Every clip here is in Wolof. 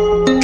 thank you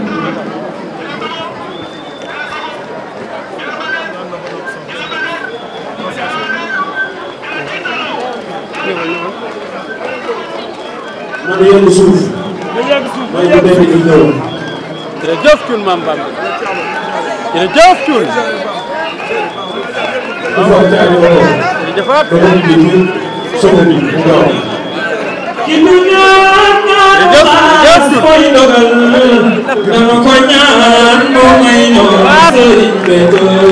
nanu yëngu suuf. na yëngu suuf mooy bu béy bi di ñëw. jërëjëf Thioune Mame Bamba jërëjëf Thioune. di ko jaay wala. jërëjëfaat beneen bi ñu soxla bi mu gaaw. jërëjëf Thioune. dama ko ñaan moo may ñëw.